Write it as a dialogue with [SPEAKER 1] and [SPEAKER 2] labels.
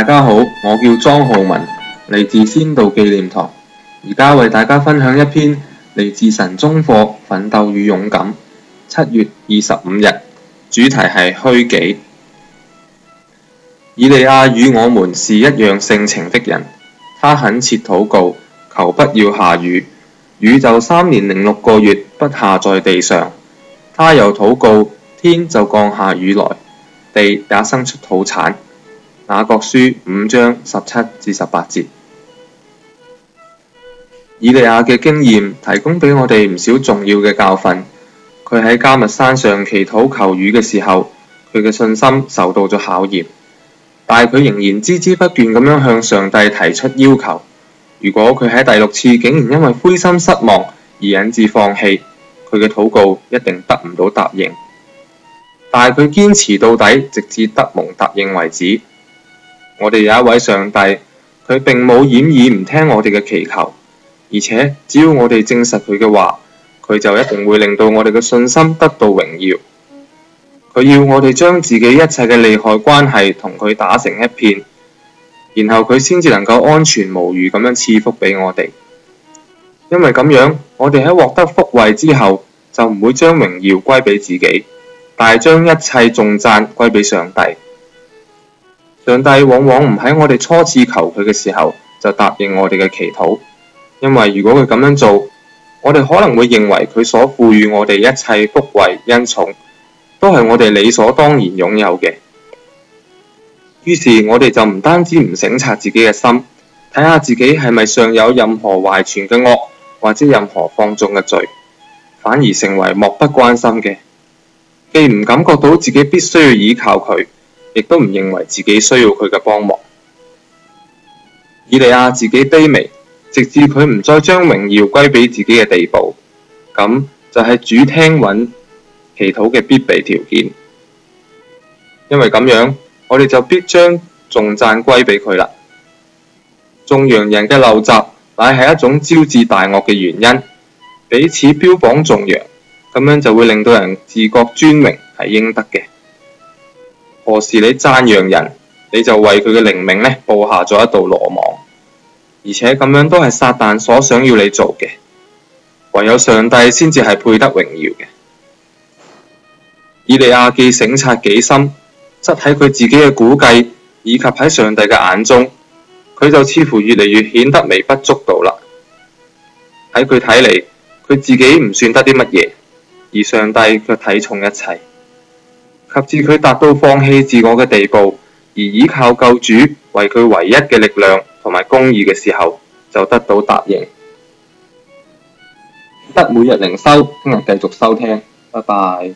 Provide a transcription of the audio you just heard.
[SPEAKER 1] 大家好，我叫莊浩文，嚟自仙道紀念堂，而家為大家分享一篇嚟自神中課《奮鬥與勇敢》，七月二十五日，主題係虛己。以利亞與我們是一樣性情的人，他懇切禱告，求不要下雨，雨就三年零六個月不下在地上；他又禱告，天就降下雨來，地也生出土產。雅各書五章十七至十八節，以利亞嘅經驗提供俾我哋唔少重要嘅教訓。佢喺迦密山上祈禱求雨嘅時候，佢嘅信心受到咗考驗，但係佢仍然孜孜不倦咁樣向上帝提出要求。如果佢喺第六次竟然因為灰心失望而引致放棄，佢嘅禱告一定得唔到答應。但係佢堅持到底，直至得蒙答應為止。我哋有一位上帝，佢並冇掩耳唔聽我哋嘅祈求，而且只要我哋證實佢嘅話，佢就一定會令到我哋嘅信心得到榮耀。佢要我哋將自己一切嘅利害關係同佢打成一片，然後佢先至能夠安全無虞咁樣賜福俾我哋。因為咁樣，我哋喺獲得福惠之後，就唔會將榮耀歸俾自己，但係將一切頌讚歸俾上帝。上帝往往唔喺我哋初次求佢嘅時候就答應我哋嘅祈禱，因為如果佢咁樣做，我哋可能會認為佢所賦予我哋一切福惠恩寵都係我哋理所當然擁有嘅。於是我哋就唔單止唔省察自己嘅心，睇下自己係咪尚有任何懷存嘅惡或者任何放縱嘅罪，反而成為漠不關心嘅，既唔感覺到自己必須要倚靠佢。亦都唔認為自己需要佢嘅幫忙。以利亞自己卑微，直至佢唔再將榮耀歸俾自己嘅地步，咁就係主聽允祈禱嘅必備條件。因為咁樣，我哋就必將頌讚歸俾佢啦。頌揚人嘅陋習，乃係一種招致大惡嘅原因。彼此標榜頌揚，咁樣就會令到人自覺尊榮係應得嘅。何時你讚揚人，你就為佢嘅靈命呢布下咗一道羅網，而且咁樣都係撒旦所想要你做嘅。唯有上帝先至係配得榮耀嘅。以利亞記省察己深，則喺佢自己嘅估計，以及喺上帝嘅眼中，佢就似乎越嚟越顯得微不足道啦。喺佢睇嚟，佢自己唔算得啲乜嘢，而上帝卻睇重一切。直至佢達到放棄自我嘅地步，而依靠救主為佢唯一嘅力量同埋公義嘅時候，就得到答應。得每日靈修，聽日繼續收聽，拜拜。